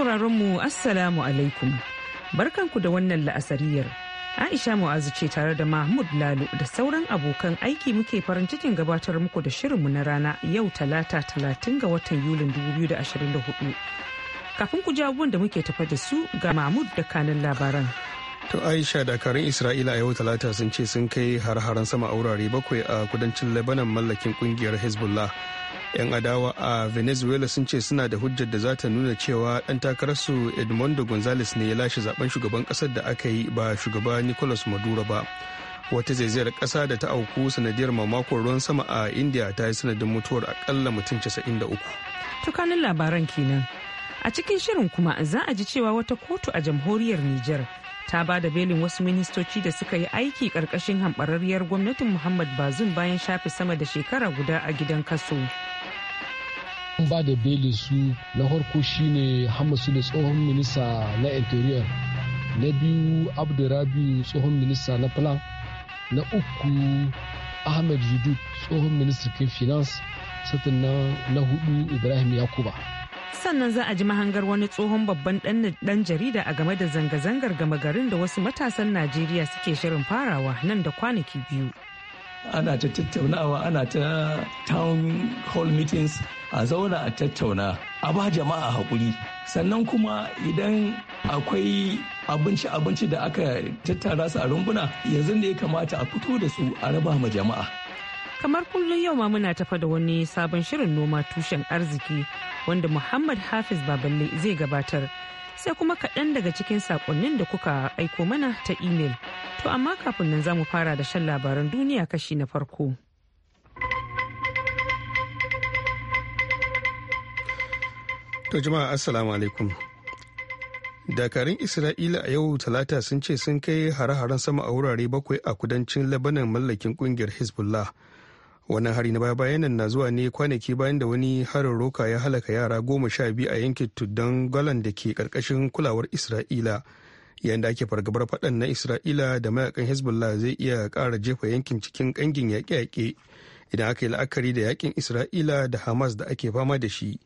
sauraronmu mu Assalamu alaikum. Barkanku da wannan la'asariyar. Aisha Mu'azu ce tare da Mahmud lalu da sauran abokan aiki muke farin cikin gabatar muku da shirinmu na rana yau talata talatin ga watan Yulin 2024. Kafin ku jawo abubuwan da muke tafa da su ga Mahmud da kanin labaran. To Aisha dakarun Isra'ila a yau talata sun ce sun kai har-haren sama a wurare bakwai a kudancin Lebanon mallakin kungiyar Hezbollah 'yan adawa a venezuela sun ce suna da hujjar da za ta nuna cewa ɗan takararsu edmundo gonzales ne ya lashe zaben shugaban kasar da aka yi ba shugaba nicolas maduro ba wata zaizayar kasa da ta auku sanadiyar mamakon ruwan sama a india ta yi sanadin mutuwar akalla mutum 93 tukanin labaran kenan a cikin shirin kuma za a ji cewa wata kotu a jamhuriyar niger ta ba da belin wasu ministoci da suka yi aiki karkashin hambararriyar gwamnatin muhammad bazum bayan shafe sama da shekara guda a gidan kaso an ba da belin su na farko shine hamasu da tsohon minista na interior na biyu abdurabiu tsohon minista na plan na uku ahmed judud tsohon ministan finance satin na hudu ibrahim yakuba sannan za a ji mahangar wani tsohon babban dan jarida a game da zanga-zangar gama garin da wasu matasan najeriya suke shirin farawa nan da kwanaki biyu ana ta tattaunawa ana ta town hall meetings a zauna a tattauna a ba jama'a haƙuri sannan kuma idan akwai abinci-abinci da aka tattara su a rumbuna yanzu ne ya kamata a fito da su a raba ma jama'a kamar kullum yau ma muna tafa da wani sabon shirin noma tushen arziki wanda muhammad hafiz baballe zai gabatar sai kuma kaɗan daga cikin saƙonnin da kuka aiko mana ta imel to amma kafin nan za mu fara da shan labaran duniya kashi na farko to jama'a assalamu alaikum dakarun isra'ila a yau talata sun ce sun kai hare-haren sama a wurare bakwai a kudancin labanan mallakin kungiyar hezbollah wannan hari na baya bayan na zuwa ne kwanaki bayan da wani harin roka ya halaka yara goma sha biyu a yankin tuddan galan da ke karkashin kulawar isra'ila yayin da ake fargabar faɗan na isra'ila da mayakan hezbollah zai iya ƙara jefa yankin cikin ƙangin yaƙe-yaƙe idan aka yi la'akari da yaƙin isra'ila da hamas da ake fama da shi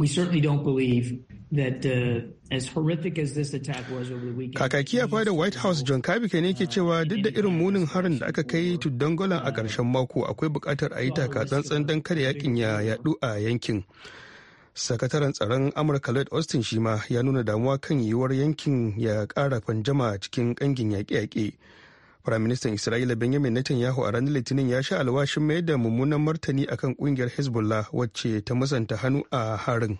We certainly uh, a fadar White House John Kirby ne ke cewa duk da irin munin harin da aka kai Tuddangolan a ƙarshen mako akwai buƙatar a yi taka tsantsan don kada yakin ya yaɗu a yankin. Sakataren tsaron Amurka Lloyd Austin shi ma ya nuna damuwa kan yiwuwar yankin ya ƙara fanjama cikin ƙangin yaƙe-yaƙe Firaministan Isra'ila Benjamin Netanyahu a ranar Litinin ya sha alwashin mayar da mummunan martani akan kungiyar Hezbollah wacce ta musanta hannu a harin.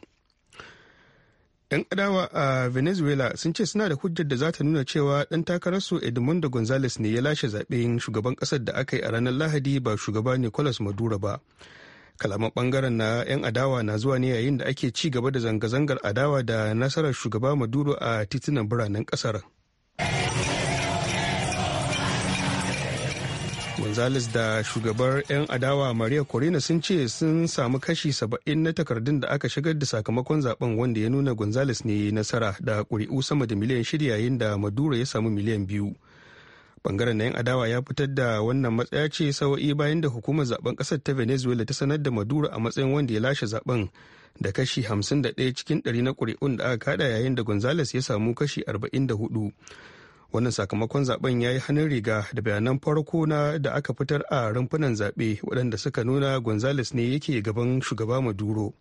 'Yan adawa a Venezuela sun ce suna da hujjar da za ta nuna cewa ɗan takararsu Edmundo gonzales ne ya lashe zaɓen shugaban ƙasar da aka yi a ranar Lahadi ba shugaba Nicolas Maduro ba. kalaman bangaren na 'yan adawa na zuwa ne yayin da ake ci gaba da zanga-zangar adawa da nasarar shugaba maduro a titunan biranen kasar gonzales da shugabar 'yan adawa maria corina sun ce sun samu kashi 70 na takardun da aka shigar da sakamakon zaben wanda ya nuna gonzales ne nasara da kuri'u sama da miliyan shida yayin da maduro ya samu miliyan biyu bangaren na 'yan adawa ya fitar da wannan matsaya ce sawa'i bayan da hukumar zaben kasar ta venezuela ta sanar da maduro a matsayin wanda ya lashe zaben da kashi 51 cikin 100 na kuri'un da aka kada yayin da gonzales ya samu kashi 44 wannan sakamakon zaben ya yi hannun riga da bayanan farko na da aka fitar a rumfunan zaɓe waɗanda suka nuna gonzales ne yake gaban shugaba maduro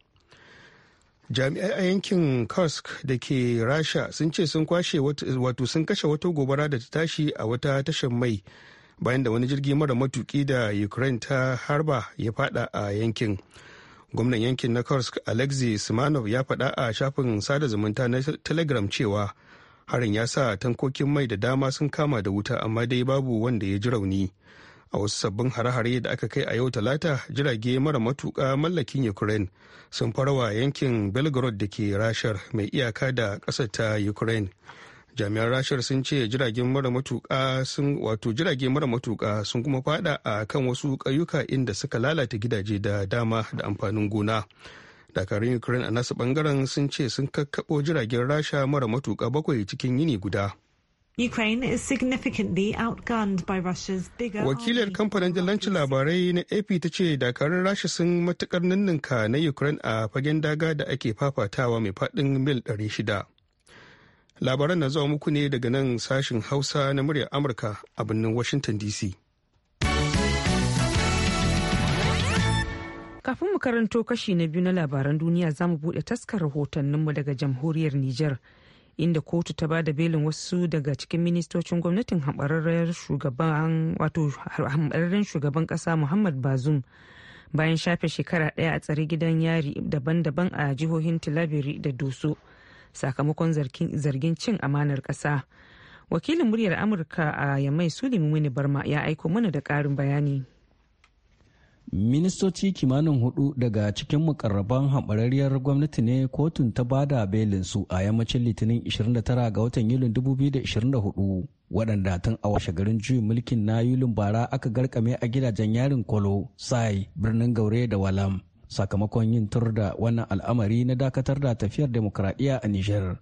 jami'ai a yankin kursk da ke rasha sun ce sun kwashe wato sun kashe wata gobara da ta tashi a wata tashar mai bayan da wani jirgi mara matuki da ukraine ta harba ya fada a yankin gwamnan yankin na kursk alexey simanov ya faɗa a shafin sada zumunta na telegram cewa harin ya sa tankokin mai da dama sun kama da wuta amma dai babu wanda ya ji rauni a wasu sabbin hare-hare da aka kai a yau talata jirage mara matuka mallakin ukraine sun farawa yankin belgorod da ke rashar mai iyaka da ƙasar ta ukraine jami'an rashar sun ce jiragen mara matuka sun wato jirage mara matuka sun kuma fada a kan wasu ƙauyuka inda suka lalata gidaje da dama da amfanin gona dakarun ukraine a nasu bangaren sun ce sun kakkaɓo jiragen rasha mara matuka bakwai cikin yini guda wakiliyar kamfanin jallancin labarai na AP ta ce dakarun Rasha sun matukar ninninka na Ukraine a fagen daga da ake fafatawa mai faɗin mil 600. Labaran na zuwa muku ne daga nan sashin Hausa na murya Amurka a birnin Washington DC. Kafin mu karanto kashi na biyu na labaran duniya za mu buɗe taskar rahotanninmu daga jamhuriyar Nijar. Inda kotu ta ba da belin wasu daga cikin ministocin gwamnatin hambararren shugaban wato kasa Muhammad Bazum bayan shafe shekara ɗaya a tsare gidan yari daban-daban a jihohin Tilabiri da Doso sakamakon zargin cin amanar ƙasa. Wakilin muryar Amurka a Yamai Sulemi Barma ya aiko mana da ƙarin bayani. ministoci kimanin hudu daga cikin mukarraban hambarariyar gwamnati ne kotun ta bada belinsu a yammacin litinin 29 ga watan yulin 2024 waɗanda tun a washe garin juyin mulkin na yulin bara aka garkame a gidajen yarin kolo sai birnin gaure da walam sakamakon yin tur da wannan al'amari na dakatar da tafiyar demokradiyya a nijar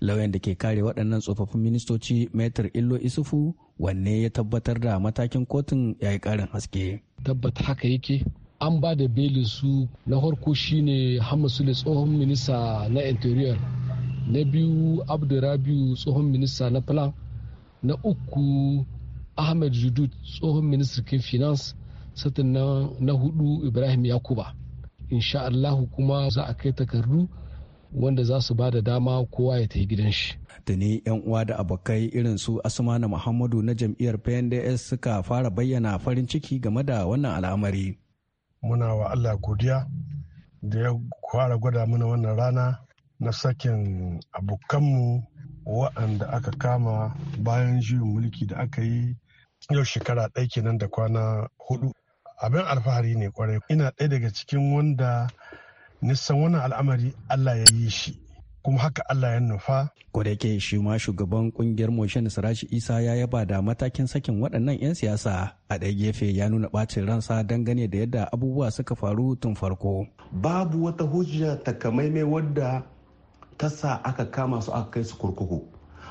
lauyan da ke kare waɗannan tsofaffin ministoci metar illo isufu wanne ya tabbatar da matakin kotun ya yi ƙarin haske tabbata haka yake an ba da belin su na farko shine hamasule tsohon minista na interior na biyu abdurabiu tsohon minista na plan na uku ahmed judud tsohon ministrikin finance satin na hudu ibrahim yakuba insha allahu kuma za a kai takardu wanda za su ba da dama kowa ya yi gidan shi Da ne yan uwa da abokai irin su asmana muhammadu na jam'iyyar pnds suka fara bayyana farin ciki game da wannan al'amari muna wa allah godiya da ya fara gwada mana wannan rana na sakin abokanmu wa'anda aka kama bayan juyin mulki da aka yi yau shekara ɗaya kenan da kwana hudu abin alfahari ne kwarai ina ɗaya daga cikin wanda nisan wannan al'amari allah ya yi shi kuma haka Allah ya nufa. Kodayake shi ma shugaban kungiyar Moshen Sirashi Isa ya yaba da matakin sakin waɗannan 'yan siyasa a ɗaya gefe ya nuna ɓacin ransa dangane da yadda abubuwa suka faru tun farko. Babu wata hujja takamaimai wadda ta sa aka kama su aka kai su kurkuku.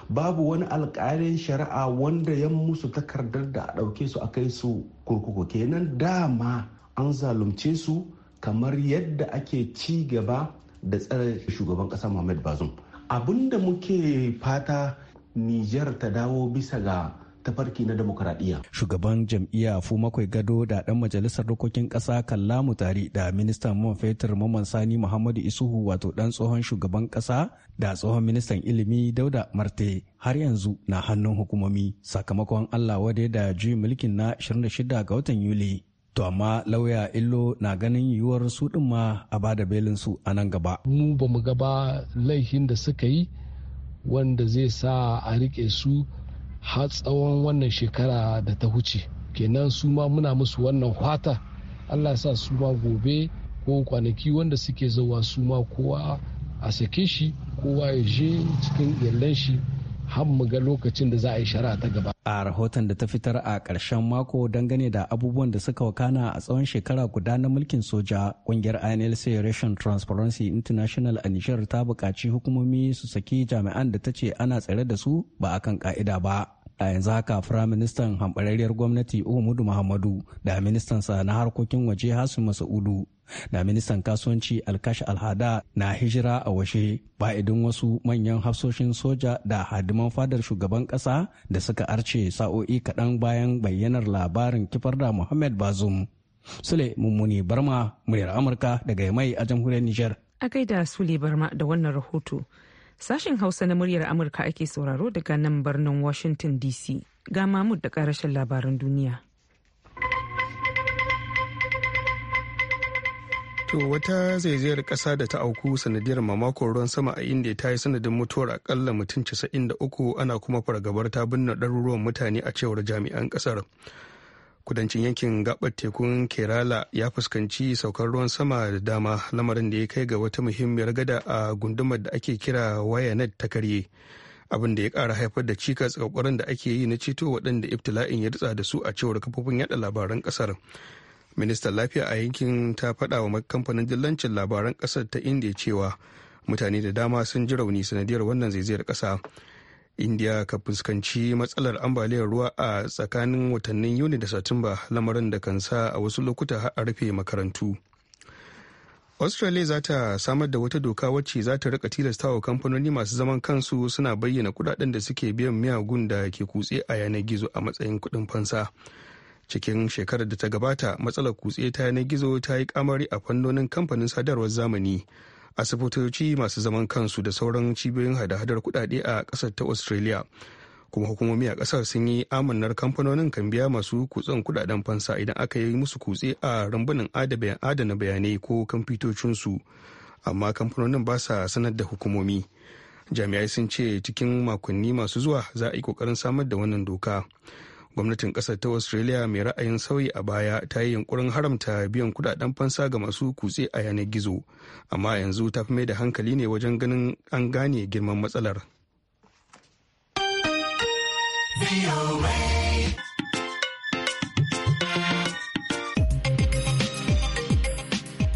Babu wani alƙalin shari'a wanda ya musu takardar da a ɗauke su a kai su kurkuku kenan dama an zalunce su kamar yadda ake ci gaba da tsare shugaban kasa Muhammad Bazoum. Abinda muke fata Nijar ta dawo bisa ga tafarki na demokuraɗiyya. Shugaban jam'iyya fu makwai Gado da ɗan majalisar dokokin ƙasa Kalla Mutari da ministan man fetur Maman Sani Muhammadu Isuhu wato ɗan tsohon shugaban ƙasa da tsohon ministan ilimi Dauda Marte har yanzu na hannun hukumomi sakamakon Allah wadai da juyin mulkin na 26 ga watan Yuli. To amma lauya illo na ganin yiwuwar su ɗin ma a bada belin su a nan gaba. Mu ba mu gaba laifin da suka yi wanda zai sa a riƙe su har tsawon wannan shekara da ta huce. Kenan su ma muna musu wannan fata Allah sa su ma gobe ko kwanaki wanda suke zuwa su ma kowa a sake shi kowa ya je cikin iyalan shi har mu ga lokacin da za a yi shari'a ta gaba. A rahoton da ta fitar a ƙarshen mako dangane da abubuwan da suka wakana a tsawon shekara guda na mulkin soja, ƙungiyar INLC Russian Transparency International a Nijar ta buƙaci hukumomi su saki jami'an da ta ce ana tsare da su ba a kan ka'ida ba. A yanzu haka Firaministan hambararriyar gwamnati Umudu Muhammadu da ministansa na harkokin waje Hassan Masa'udu na ministan kasuwanci alkashi alhada na hijira a washe ba wasu manyan hafsoshin soja da hadiman fadar shugaban kasa da suka arce sa'o'i kaɗan bayan bayyanar labarin kifar da muhammad bazum sule mummuni barma muryar amurka daga mai a jamhuriyar niger a gaida sule barma da wannan rahoto sashen hausa na muryar amurka ake sauraro daga nan birnin washington dc ga mamud da karashin labaran duniya To wata zaizayar ƙasa da ta auku sanadiyar mamakon ruwan sama a inda ta yi sanadin mutuwar akalla mutum 93 ana kuma fargabar ta binne ɗaruruwan mutane a cewar jami'an ƙasar. Kudancin yankin gabar tekun Kerala ya fuskanci saukar ruwan sama da dama lamarin da ya kai ga wata muhimmiyar gada a gundumar da ake kira wayanet ta karye. abin da ya kara haifar da cikas kokarin da ake yi na ceto waɗanda iftila'in ya ritsa da su a cewar kafofin yada labaran ƙasar ministan lafiya a yankin ta faɗa wa kamfanin dillancin labaran ƙasar ta indiya cewa mutane da dama sun ji rauni sanadiyar wannan zaizayar ƙasa indiya ka fuskanci matsalar ambaliyar ruwa a tsakanin watannin yuni da satumba lamarin da kan sa a wasu lokuta har a rufe makarantu australia za ta samar da wata doka wacce za ta rika tilastawa kamfanoni masu zaman kansu suna bayyana kudaden da suke biyan miyagun da ke kutse a yanar gizo a matsayin kudin fansa cikin shekarar da ta gabata matsalar kutse ta yanar gizo ta yi kamari a fannonin kamfanin sadarwar zamani asibitoci masu zaman kansu da sauran cibiyoyin hada-hadar kudade a kasar ta australia kuma hukumomi a kasar sun yi amannar kamfanonin kan biya masu kutsen kudaden fansa idan aka yi musu kutse a rambunan adana bayanai ko kamfitocinsu amma kamfanonin ba sa sanar da hukumomi jami'ai sun ce cikin makonni masu zuwa za a yi kokarin samar da wannan doka gwamnatin kasar ta australia mai ra'ayin sauyi a baya ta yi yunkurin haramta biyan kudaden fansa ga masu kutse a yanar gizo amma yanzu ta fi mai da hankali ne wajen ganin an gane girman matsalar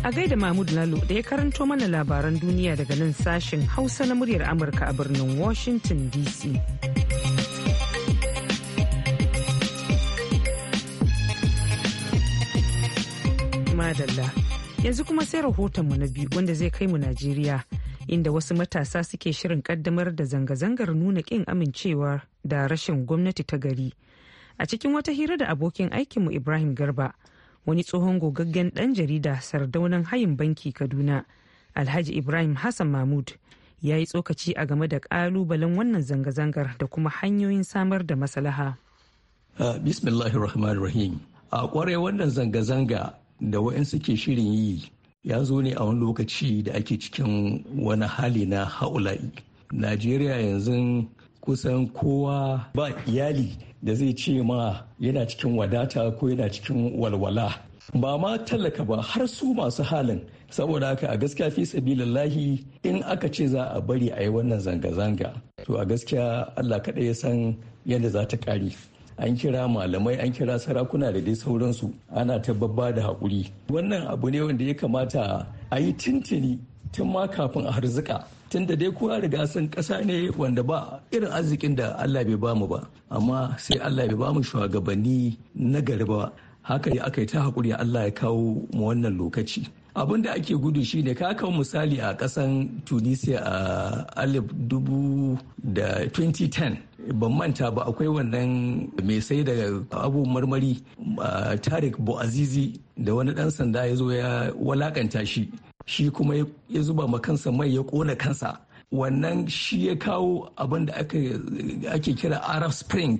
a gaida mahmud lalo da ya karanto mana labaran duniya daga nan sashen hausa na muryar amurka a birnin washington dc madalla yanzu kuma sai rahoton mu na biyu wanda zai kai mu najeriya inda wasu matasa suke shirin kaddamar da zanga-zangar nuna kin amincewa da rashin gwamnati ta gari a cikin wata hira da abokin aikinmu ibrahim garba wani tsohon gogaggen dan jarida sardaunan hayin banki kaduna alhaji ibrahim hassan mahmud ya yi tsokaci a game da kalubalen wannan zanga-zangar da kuma hanyoyin samar da maslaha. Ah, bismillahirrahmanirrahim a kware wannan zanga-zanga da wa'yansu ke shirin yi ya zo ne a wani lokaci da ake cikin wani hali na haula'i najeriya yanzu kusan kowa ba iyali da zai ce ma yana cikin wadata ko yana cikin walwala ba ma tallaka ba har su masu halin saboda haka a gaskiya fi sabilillahi in aka ce za a bari a yi wannan zanga-zanga to a gaskiya allah kaɗai ya san yadda za ta ƙare an kira malamai an kira sarakuna da dai sauransu ana ta babba da haƙuri wannan abu ne wanda ya kamata a yi tintini tun ma kafin a harzuka tun da dai kowa riga sun ƙasa ne wanda ba irin arzikin da Allah bai bamu ba amma sai Allah bai ba mu shugabanni na gari ba haka ya aka yi ta haƙuri Allah ya kawo mu wannan lokaci abin da ake gudu shine ka kawo misali a kasan tunisia a alif dubu da 2010 ban manta ba akwai wannan mai sai da abu marmari tarik buazizi da wani dan sanda ya zo ya walakanta shi shi kuma ya zuba ma kansa mai ya kona kansa wannan shi ya kawo abin da ake kira arab spring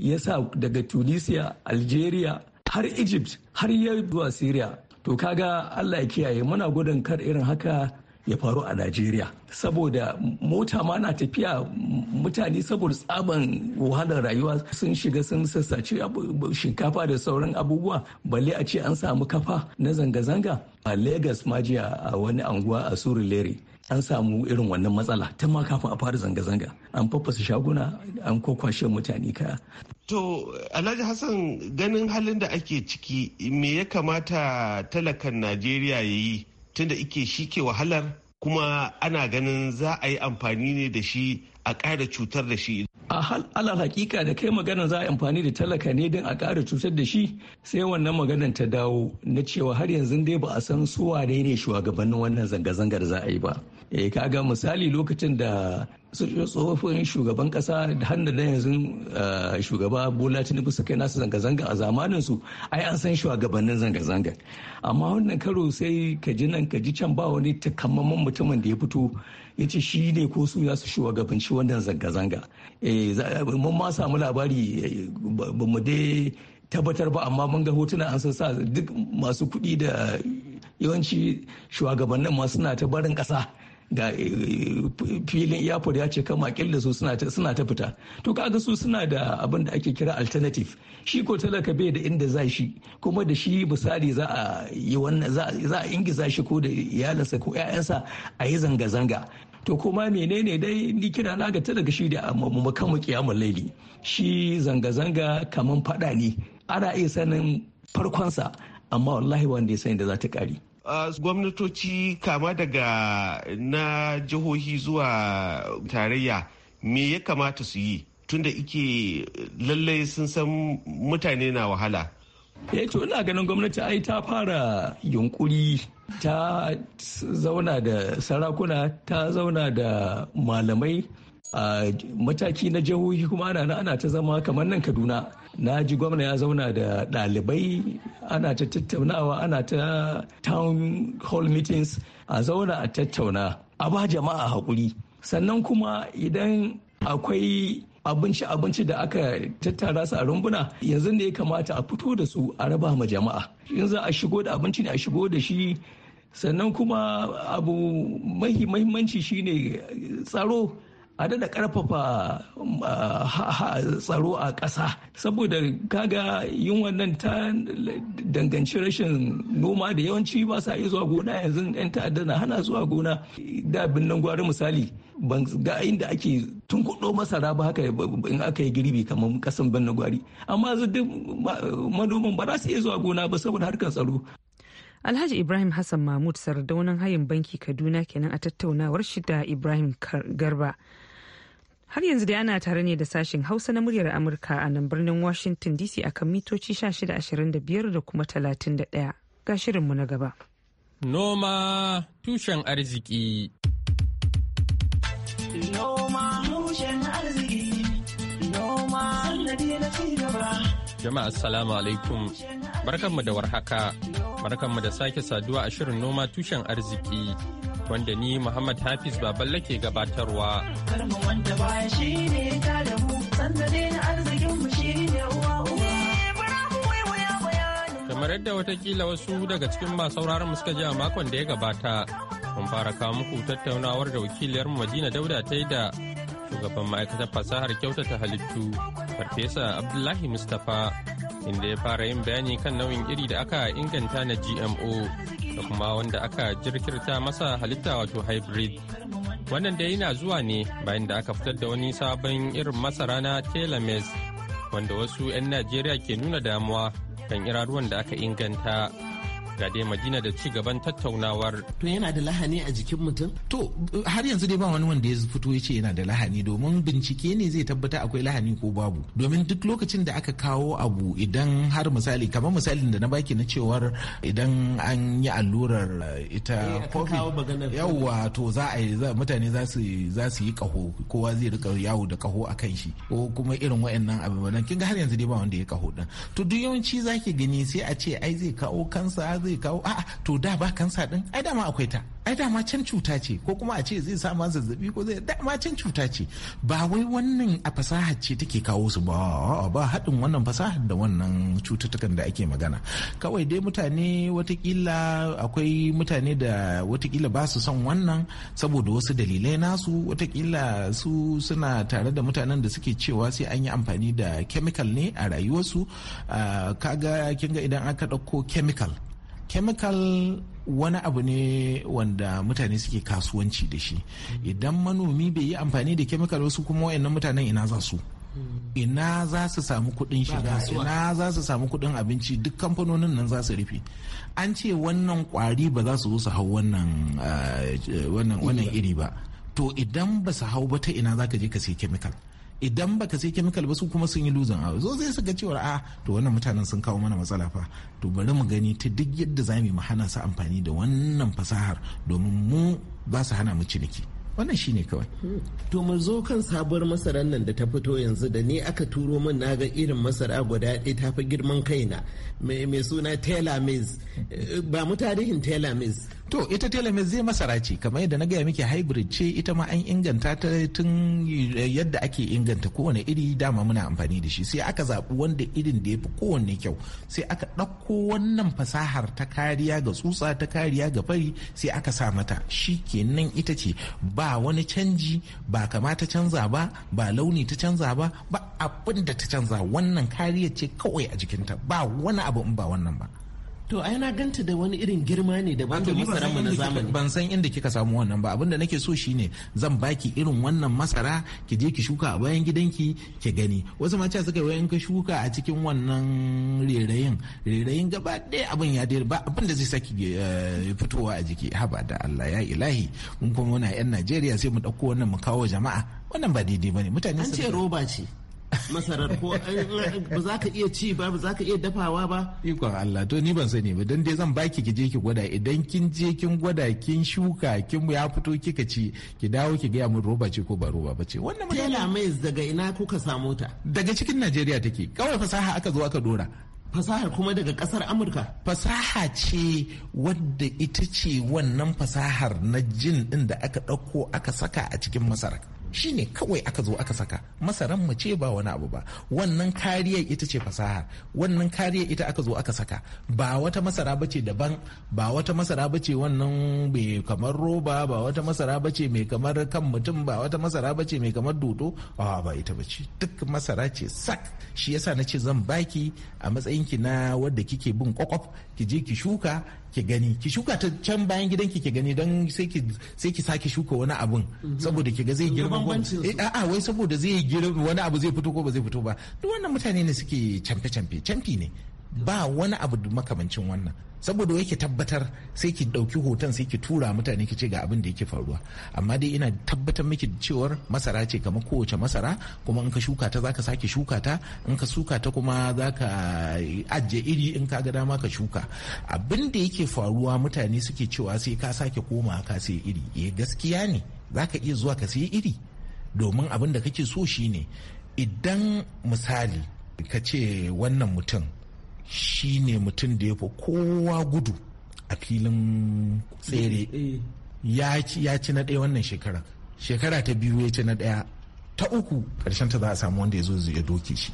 ya sa daga tunisia algeria har egypt har ya zuwa syria to kaga allah ya kiyaye muna gudun kar irin haka ya faru a najeriya saboda mota ma na tafiya mutane saboda tsaban wahalar rayuwa sun shiga sun sassace shinkafa da sauran abubuwa balle a ce an samu kafa na zanga-zanga a legas ma jiya a wani anguwa a surulere an samu irin wannan matsala ta ma kafin a fara zanga-zanga an faffasa shaguna an kwakwashe mutane kaya. To Alhaji Hassan ganin halin da ake ciki me ya kamata talakan Najeriya ya yi tunda ike shi ke wahalar kuma ana ganin za a yi amfani ne da shi a ƙara cutar da shi. A hal hakika da kai magana za a amfani da talaka ne don a ƙara cutar da shi sai wannan maganan ta dawo na cewa har yanzu dai ba a san suwa ne shugabannin wannan zanga-zangar za a yi ba. eh kaga misali lokacin da tsofaffin shugaban kasa da hannu da yanzu eh, shugaba bola tinubu su kai nasu zanga-zanga a zamanin su ai an san shugabannin zanga-zanga amma wannan karo sai ka ji nan ka ji can ba wani takamaiman mutumin da ya fito ya ce shi ne ko su za su shugabanci wannan zanga-zanga eh, mun ma samu labari eh, ba mu dai tabbatar ba amma mun ga hotuna an san sa duk masu kuɗi da yawanci shugabannin ma suna ta barin kasa. ga eh, filin airport ya ce kama da su suna ta fita to ga su suna da abin da ake kira alternative shi ko talaka bai da inda za shi kuma da shi misali za a yi za a ingiza shi ko da iyalinsa ko 'ya'yansa a yi zanga-zanga to kuma menene dai ni kira na ga talaka shi da makamu kiyamun laili shi zanga-zanga kaman fada ne ana iya sanin farkonsa amma wallahi wanda ya sani da za ta kari Ah, gwamnatoci kama daga na jihohi zuwa tarayya me ya kamata su yi tunda ike lallai sun san mutane na wahala ya eh to ina ganin gwamnati ai ta fara yunkuri ta zauna da sarakuna ta zauna da malamai a ah, mataki na jihohi kuma ana ana ta zama kamar nan kaduna na ji gwamna ya zauna da ɗalibai ana ta tattaunawa ana ta town hall meetings a zauna a tattauna a ba jama'a hakuri. sannan kuma idan akwai abinci abinci da aka tattara su a rumbuna yanzu ne ya kamata a fito da su a raba ma jama'a in za a shigo da abinci ne a shigo da shi sannan kuma abu mahimmanci shine tsaro a da karfafa tsaro a ƙasa saboda kaga yin nan ta danganci rashin noma da yawanci ba sa iya zuwa gona yanzu 'yan ta'adda na hana zuwa gona da binnan gwari misali ban ga inda ake tun kudo masara ba haka in aka yi girbi kamar kasan binnan gwari amma yanzu duk manoman ba za su iya zuwa gona ba saboda harkar tsaro Alhaji Ibrahim Hassan Mahmud sardaunan hayin banki Kaduna kenan a tattaunawar shi da Ibrahim Garba Har yanzu dai ana tare ne da sashen Hausa na muryar Amurka a nan birnin Washington DC a kan mitoci 1625 da kuma 31 ga shirinmu na gaba. Noma tushen arziki. Jama'a Salamu alaikum. Barkanmu da warhaka. Barkanmu da sake saduwa a shirin noma tushen arziki. wanda ni Muhammad Hafiz Baballe ke gabatarwa. da eh, Kamar yadda watakila wasu daga cikin masu sauraron mu suka ji makon da ya gabata, mun fara kawo muku tattaunawar da wakiliyar mu Madina Dauda ta yi da shugaban ma'aikatar fasahar kyautata halittu, Farfesa Abdullahi Mustapha, inda ya fara yin bayani kan nauyin iri da aka inganta na GMO. da kuma wanda aka jirkirta masa halitta wato hybrid wannan dai yana zuwa ne bayan da aka fitar da wani sabon irin masara na telemes wanda wasu 'yan najeriya ke nuna damuwa kan iraruwan da aka inganta da dai madina da ci gaban tattaunawar to yana da lahani a jikin mutum to har yanzu dai ba wani wanda ya fito ya ce yana da lahani domin bincike ne zai tabbata akwai lahani ko babu domin duk lokacin da aka kawo abu idan har misali kamar misalin da na baki na cewar idan an yi allurar eh, ita eh, kofi yawwa to za a yi mutane za su yi kaho kowa zai rika yawo da kaho a kan shi ko kuma irin wayannan abubuwan kin ga har yanzu dai ba wanda ya kaho din to duk yawanci zaki gani sai a ce ai zai kawo kansa zai kawo a'a to da ba kansa din ai dama akwai ta ai dama can cuta ce ko kuma a ce zai sa ma zazzabi ko zai dama can cuta ce ba wai wannan a fasahar ce take kawo su ba ba haɗin wannan fasahar da wannan cututtukan da ake magana kawai dai mutane watakila akwai mutane da watakila ba su son wannan saboda wasu dalilai nasu watakila su suna tare da mutanen da suke cewa sai an yi amfani da chemical ne a rayuwarsu ah, kaga kinga idan aka ɗauko chemical chemical wani abu ne wanda mutane suke kasuwanci da shi idan manomi bai yi amfani da chemical wasu kuma wayannan mutanen ina za su ina za su samu kuɗin shiga ina za su samu kuɗin abinci duk kamfanonin nan za su rufe an ce wannan kwari ba za su zo su hau wannan eh, iri ba to idan ba su hau ba ta ina za ka je ka sai chemical idan baka sai chemical ba su kuma sun yi luzin a zo zai ga cewa a ah, to wannan mutanen sun kawo mana matsala fa to bari mu gani ta duk yadda za mu hana su amfani da wannan fasahar domin mu ba su hana mu ciniki wannan shine kawai to mu zo kan sabuwar masarar nan da ta fito yanzu da ni aka turo min na ga irin masara guda ɗaya ta fi girman kaina mai suna tailor eh, ba mu tarihin taylor To ita mai zai masara ce kamar yadda na gaya miki hybrid ce ita ma an inganta ta tun yadda ake inganta kowane iri dama muna amfani da shi sai aka zaɓi wanda irin da ya fi kowanne kyau sai aka ɗauko wannan fasahar ta kariya ga tsutsa ta kariya ga fari sai aka sa mata shi kenan ita ce ba wani canji ba kama ta canza ba ba launi ta canza ba ba abin da ta canza wannan kariya ce kawai a jikinta ba wani abu in ba wannan ba. to ai na ganta da wani irin girma ne da banda masara mu na zamani ban san inda kika samu wannan ba abinda nake so shine zan baki irin wannan masara ki je ki shuka a bayan gidanki ki gani wasu ma suka yi wayan ka shuka a cikin wannan rerayin rerayin gaba ɗaya abin ya dai ba abinda zai saki eh, fitowa a jiki haba da Allah ya ilahi mun kuma muna yan Najeriya sai mu ɗauko wannan mu kawo jama'a wannan ba daidai bane mutane an ce roba ce masarar ko eh, ba za ka iya ci ba ba za ka iya dafawa ba ikon Allah to ni ban sani ba dan dai zan baki ki je ki gwada idan kin je kin gwada kin shuka kin ya fito kika ci ki dawo ki gaya mun roba ce ko ba roba ba ce wannan tela mai daga ina kuka samu ta daga cikin Najeriya take kawai fasaha aka zo aka dora fasahar kuma daga kasar amurka fasaha ce wadda ita ce wannan fasahar na jin din da aka ɗauko aka saka a cikin masarar. shine kawai aka zo aka saka masaran mu ce ba wani abu ba wannan kariya ita ce fasaha wannan kariya ita aka zo aka saka ba wata masara ba ce daban ba wata masara ba ce wannan mai kamar roba ba wata masara ba ce mai kamar kan mutum ba wata masara ba ce mai kamar dodo ba ba ita ce duk masara ce sak shi yasa na ce zan baki a matsayinki na wadda kike bin kwakwaf ki je ki shuka ki gani ki shuka ta can bayan gidanki ki gani don sai ki sai ki sake shuka wani abun mhm. saboda ki ga zai girma eh, a'a wai saboda zai girma wani abu zai fito ko ba zai fito ba duk wannan mutane ne suke camfe canfe camfi ne ba wani abu makamancin wannan saboda yake tabbatar sai ki dauki hoton sai ki tura mutane ki ce ga abin da yake faruwa amma dai ina tabbatar miki cewar masara ce kamar kowace masara kuma in ka shuka ta zaka sake shuka ta in ka shuka ta kuma zaka eh, ajiye iri in ka ga dama ka shuka abin da yake faruwa mutane suke cewa sai ka sake koma ka sai iri eh gaskiya ne zaka iya zuwa ka sai iri domin abin da kake so shine idan misali ka ce wannan mutum Shi ne mutum da ya fi kowa gudu a filin tsere eh. ya ci na ɗaya wannan shekara shekara ta biyu ya ci na ɗaya ta uku ƙarshen ta za a samu wanda ya zo ya doke shi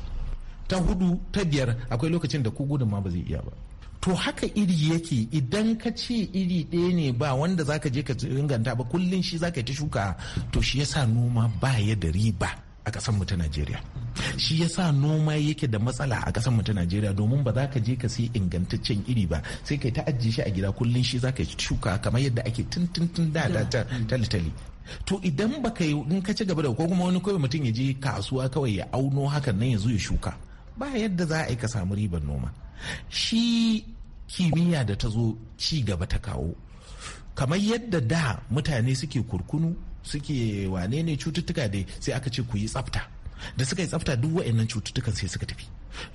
ta hudu ta biyar akwai lokacin da ko gudun ma ba zai iya ba to haka iri yake idan ka ce iri ɗaya ne ba wanda zaka je ka inganta ba kullum shi zaka ta shuka to shi yasa noma ba ya da riba a ƙasar mu ta Najeriya shi yasa noma yake da matsala a ƙasar mu ta Najeriya domin ba za ka je ka sai ingantaccen iri ba sai kai ta ajiye shi a gida kullun shi za ka shuka kamar yadda ake tuntuntun da da talitali to idan baka yi in ka ci gaba da ko kuma wani kawai mutum ya je kasuwa kawai ya auno hakan nan ya zo ya shuka ba yadda za a yi ka samu ribar noma shi kimiyya da ta zo ci gaba ta kawo kamar yadda da mutane suke kurkunu suke wane ne cututtuka dai sai aka ce ku yi tsafta da suka yi tsafta duk wa'annan cututtukan sai suka tafi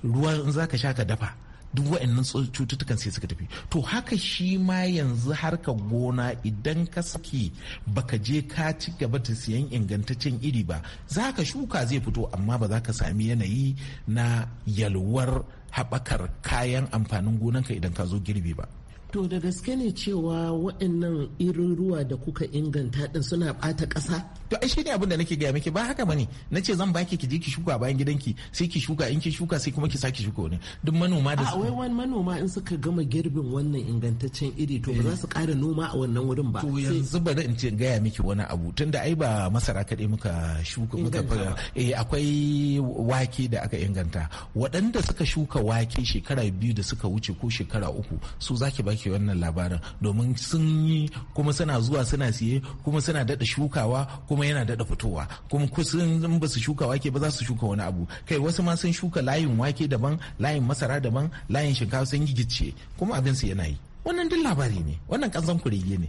ruwa in za ka sha ka dafa duk wa'annan cututtukan sai suka tafi to haka shi ma yanzu harka gona idan ka saki baka je ka ci gaba da siyan ingantaccen iri ba za ka shuka zai fito amma ba za ka sami yanayi na yalwar haɓakar kayan amfanin gonanka idan ka zo girbi ba To da gaske ne cewa waɗannan irin ruwa da kuka inganta din suna ɓata ƙasa? to ai shine abin da nake gaya miki ba haka bane nace zan baki ki je ki shuka bayan gidanki sai ki shuka in ki shuka sai kuma ki saki shuka wani duk manoma da su wai manoma in suka gama girbin wannan ingantaccen iri to ba za su kara noma a wannan wurin ba to yanzu bari in ce gaya miki wani abu tunda ai ba masara kaɗai muka shuka muka eh akwai wake da aka inganta waɗanda suka shuka wake shekara biyu da suka wuce ko shekara uku su zaki baki wannan labarin domin sun yi kuma suna zuwa suna siye kuma suna daɗa shukawa kuma yana daɗa fitowa kuma kusan in ba su shuka wake ba za su shuka wani abu kai wasu ma sun shuka layin wake daban layin masara daban layin shinkafa sun gigice kuma abin su yana yi wannan duk labari ne wannan kanzan kurege ne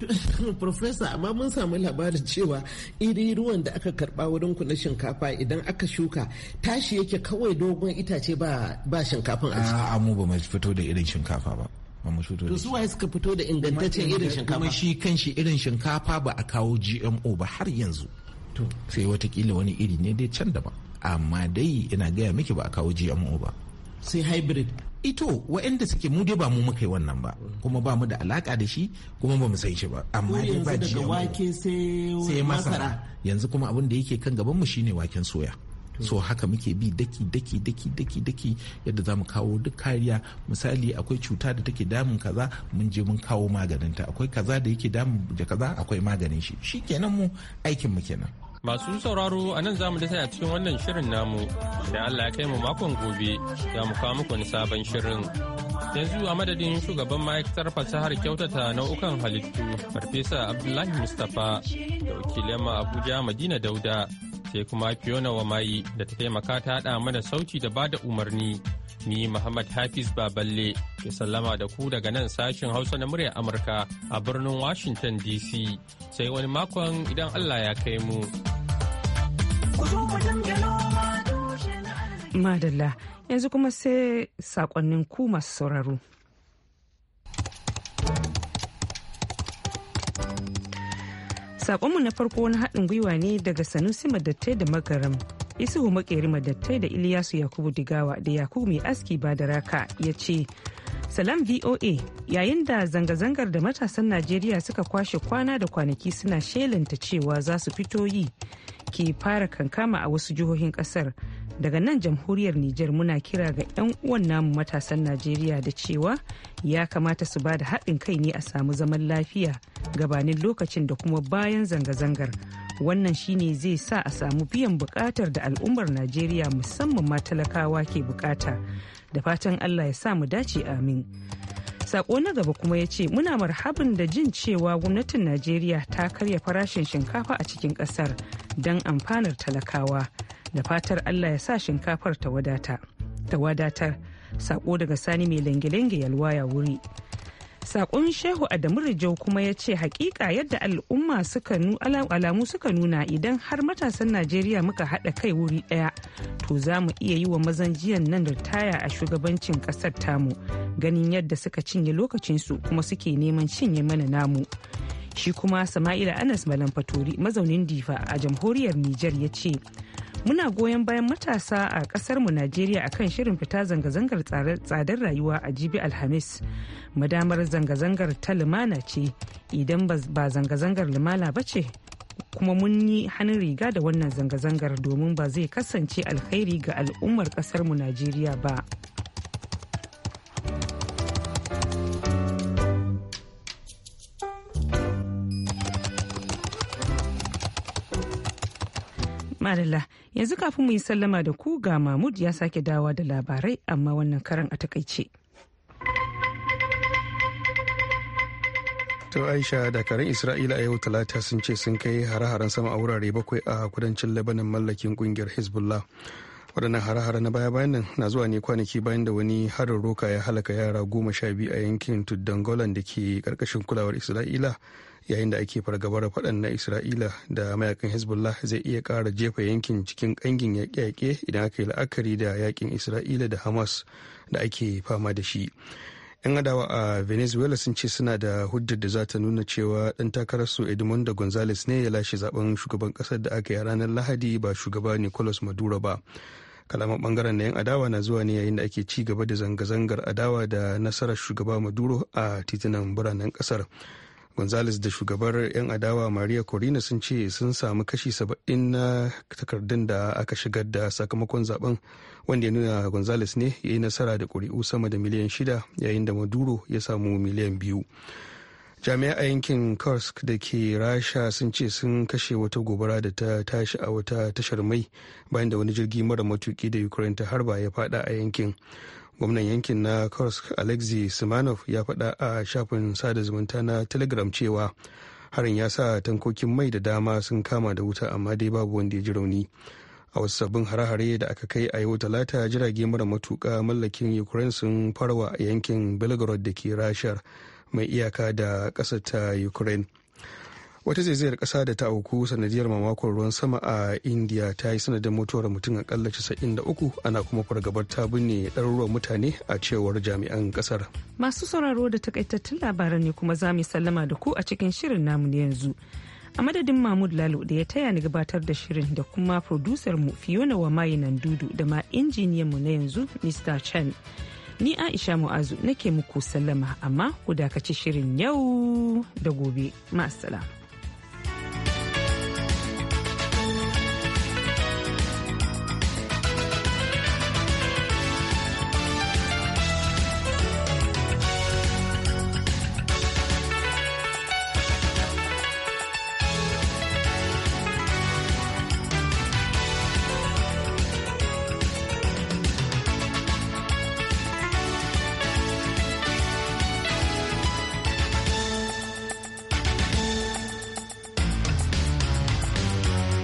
professor amma mun samu labarin cewa iri ruwan da aka karba wurin ku na shinkafa idan aka shuka tashi yake kawai dogon itace ba shinkafin a ciki a mu ba mu fito da irin shinkafa ba ba mu fito da su waye suka fito da ingantaccen irin shinkafa kuma shi kanshi irin shinkafa ba a kawo GMO ba har yanzu to sai watakila wani iri ne dai can daban amma dai ina gaya miki ba a kawo GMO ba sai hybrid ito waɗanda suke mu dai ba mu muka yi wannan ba kuma ba mu da alaka da shi kuma ba mu san shi ba amma dai ba GMO sai masara yanzu kuma abin da yake kan gaban mu shine waken soya so haka muke bi daki daki daki daki daki yadda za mu kawo duk kariya misali akwai cuta da take damun kaza mun je mun kawo maganinta akwai kaza da yake damun da kaza akwai maganin shi shi kenan mu aikin mu kenan Masu sauraro a nan za mu da a cikin wannan shirin namu, da Allah ya kai mu makon gobe za mu kawo muku wani sabon shirin. Yanzu a madadin shugaban ma'aikatar fasahar kyautata nau'ukan halittu, Farfesa Abdullahi Mustapha da wakilin Abuja Madina Dauda, sai kuma Fiona Wamayi da ta taimaka ta haɗa mana sauti da bada umarni. Ni Muhammad Hafiz Baballe ke sallama da ku daga nan sashin Hausa na muryar Amurka a birnin Washington DC sai wani makon idan Allah ya kai mu. Madalla yanzu kuma sai sakonnin ku masu sauraro. Sakonmu na farko wani haɗin gwiwa ne daga Sanusi Madattai da Magaram. Isuhu Makeri Madattai da Iliyasu Yakubu Digawa da Yakubu Mai Aski raka ya ce, Salam VOA yayin da zanga-zangar da matasan Najeriya suka kwashe kwana da kwanaki suna shelanta cewa za su fito yi. ke fara kankama a wasu jihohin kasar daga nan jamhuriyar Nijar muna kira ga 'yan uwan namu matasan Najeriya da cewa ya kamata su ba da haɗin kai ne a samu zaman lafiya gabanin lokacin da kuma bayan zanga-zangar. Wannan shine zai sa a samu biyan buƙatar da al'ummar Najeriya musamman ma talakawa ke bukata. Da fatan Allah ya sa mu dace amin. Sako na gaba kuma ya ce muna marhabin da jin cewa gwamnatin Najeriya ta karya farashin shinkafa a cikin kasar don amfanar talakawa da fatar Allah ya sa shinkafar ta wadatar. Sako daga sani mai lange-lange yalwa ya wuri. sakon shehu adamu rijau kuma ya ce hakika yadda al'umma suka alamu suka nuna idan har matasan najeriya muka haɗa kai wuri ɗaya to za mu iya yi wa mazan jiyan nan ritaya a shugabancin ƙasar tamu ganin yadda suka cinye lokacinsu kuma suke neman cinye mana namu shi kuma sama'ila anas malamfatori mazaunin difa a jamhuriyar nijar ya ce muna goyon bayan matasa a kasar mu najeriya kan shirin fita zanga-zangar tsadar rayuwa a jibi alhamis madamar zanga-zangar ta lumana ce idan ba zanga-zangar lumana ba ce kuma mun yi hannun riga da wannan zanga-zangar domin ba zai kasance alkhairi ga al'ummar kasar mu najeriya ba Madalla yanzu kafin mu yi sallama da ku ga Mahmud ya sake dawa da labarai amma wannan karan a takaice. To Aisha dakarun Isra'ila a yau talata sun ce sun kai hare-haren sama a wurare bakwai a kudancin Lebanon mallakin kungiyar Hezbollah. waɗannan hare-hare na baya-bayan nan na zuwa ne kwanaki bayan da wani harin roka ya halaka yara goma sha biyu a yankin tuddan da ke karkashin kulawar isra'ila yayin da ake fargabar faɗan na isra'ila da mayakan hezbollah zai iya ƙara jefa yankin cikin ƙangin yaƙe-yaƙe idan aka yi la'akari da yaƙin isra'ila da hamas da ake fama da shi 'yan adawa a venezuela sun ce suna da hujjar da za ta nuna cewa dan takararsu edmundo gonzales ne ya lashe zaben shugaban ƙasar da aka yi ranar lahadi ba shugaba nicolas maduro ba kalaman bangaren na 'yan adawa na zuwa ne yayin da ake ci gaba da zanga-zangar adawa da nasarar shugaba maduro a titunan biranen kasar gonzales da shugabar 'yan adawa maria corina sun ce sun samu kashi saba'in na takardun da aka shigar da sakamakon zaben wanda ya nuna gonzales ne ya yi nasara da ƙuri'u sama da miliyan shida yayin da maduro ya samu miliyan biyu jami'a a yankin kursk da ke rasha sun ce sun kashe wata gobara da ta tashi a wata tashar mai bayan da wani jirgi mara matuki da ukraine ta harba ya fada a yankin gwamnan yankin na kursk alexei simanov ya fada a shafin sada zumunta na telegram cewa harin ya sa tankokin mai da dama sun kama da wuta amma dai babu wanda ya ji rauni a wasu sabbin hare-hare da aka kai a yau talata jirage mara matuka mallakin ukraine sun farwa a yankin belgorod da ke rashar mai iyaka da ƙasar ta ukraine wata zaizayar ƙasa da ta auku sanadiyar mamakon ruwan sama a india ta yi sanadin mutuwar mutum a akalla 93 ana kuma fargabar ta binne ɗaruruwan mutane a cewar jami'an ƙasar masu sauraro da takaitattun labaran ne kuma za mu sallama da ku a cikin shirin namu na yanzu a madadin mahmud lalo da ya taya ni gabatar da shirin da kuma producer mu fiona wa mayinan dudu da ma injiniyan mu na yanzu mr chen Ni Aisha Mu'azu nake muku sallama amma ku dakaci shirin yau da gobe. Ma'asala.